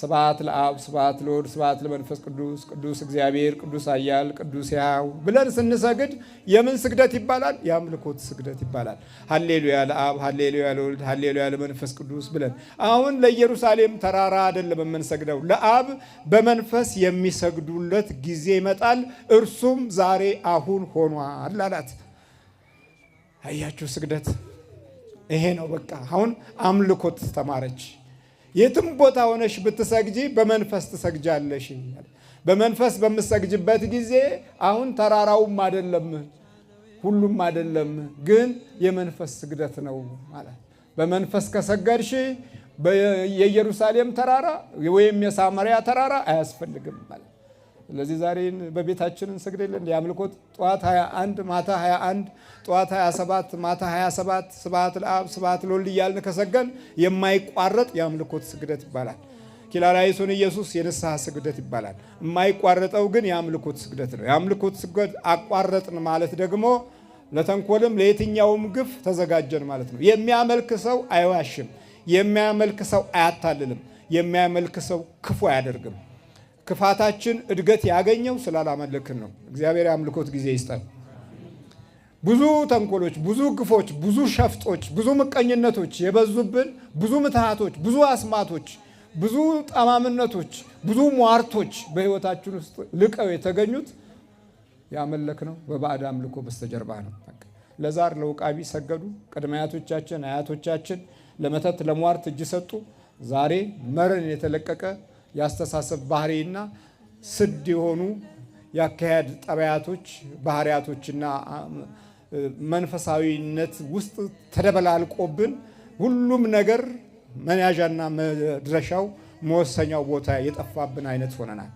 ስብሐት ለአብ ስብሐት ለወልድ ስብሐት ለመንፈስ ቅዱስ ቅዱስ እግዚአብሔር ቅዱስ ኃያል ቅዱስ ሕያው ብለን ስንሰግድ የምን ስግደት ይባላል? የአምልኮት ስግደት ይባላል። ሀሌሉያ ለአብ ሀሌሉያ ለወልድ ሀሌሉያ ለመንፈስ ቅዱስ ብለን አሁን ለኢየሩሳሌም ተራራ አይደለም የምንሰግደው። ለአብ በመንፈስ የሚሰግዱለት ጊዜ ይመጣል፣ እርሱም ዛሬ አሁን ሆኗል አላት። አያችሁ፣ ስግደት ይሄ ነው። በቃ አሁን አምልኮት ተማረች። የትም ቦታ ሆነሽ ብትሰግጂ በመንፈስ ትሰግጃለሽ። በመንፈስ በምትሰግጅበት ጊዜ አሁን ተራራውም አይደለም ሁሉም አይደለም፣ ግን የመንፈስ ስግደት ነው ማለት በመንፈስ ከሰገድሽ የኢየሩሳሌም ተራራ ወይም የሳመሪያ ተራራ አያስፈልግም። ስለዚህ ዛሬን በቤታችን እንሰግደለን የአምልኮት ጠዋት 21 ማታ 21 ጠዋት 27 ማታ 27 ስብሐት ለአብ ስብሐት ለወልድ እያልን ከሰገን የማይቋረጥ የአምልኮት ስግደት ይባላል። ኪላላይሱን ኢየሱስ የንስሐ ስግደት ይባላል። የማይቋረጠው ግን የአምልኮት ስግደት ነው። የአምልኮት ስግደት አቋረጥን ማለት ደግሞ ለተንኮልም ለየትኛውም ግፍ ተዘጋጀን ማለት ነው። የሚያመልክ ሰው አይዋሽም። የሚያመልክ ሰው አያታልልም። የሚያመልክ ሰው ክፉ አያደርግም። ክፋታችን እድገት ያገኘው ስላላመለክን ነው። እግዚአብሔር የአምልኮት ጊዜ ይስጠን። ብዙ ተንኮሎች፣ ብዙ ግፎች፣ ብዙ ሸፍጦች፣ ብዙ ምቀኝነቶች የበዙብን፣ ብዙ ምትሃቶች፣ ብዙ አስማቶች፣ ብዙ ጠማምነቶች፣ ብዙ ሟርቶች በህይወታችን ውስጥ ልቀው የተገኙት ያመለክነው በባዕድ አምልኮ በስተጀርባ ነው። ለዛር ለውቃቢ ሰገዱ። ቅድመ አያቶቻችን አያቶቻችን ለመተት ለሟርት እጅ ሰጡ። ዛሬ መረን የተለቀቀ የአስተሳሰብ ባህሪና ስድ የሆኑ የአካሄድ ጠባያቶች ባህሪያቶችና መንፈሳዊነት ውስጥ ተደበላልቆብን ሁሉም ነገር መያዣና መድረሻው መወሰኛው ቦታ የጠፋብን አይነት ሆነናል።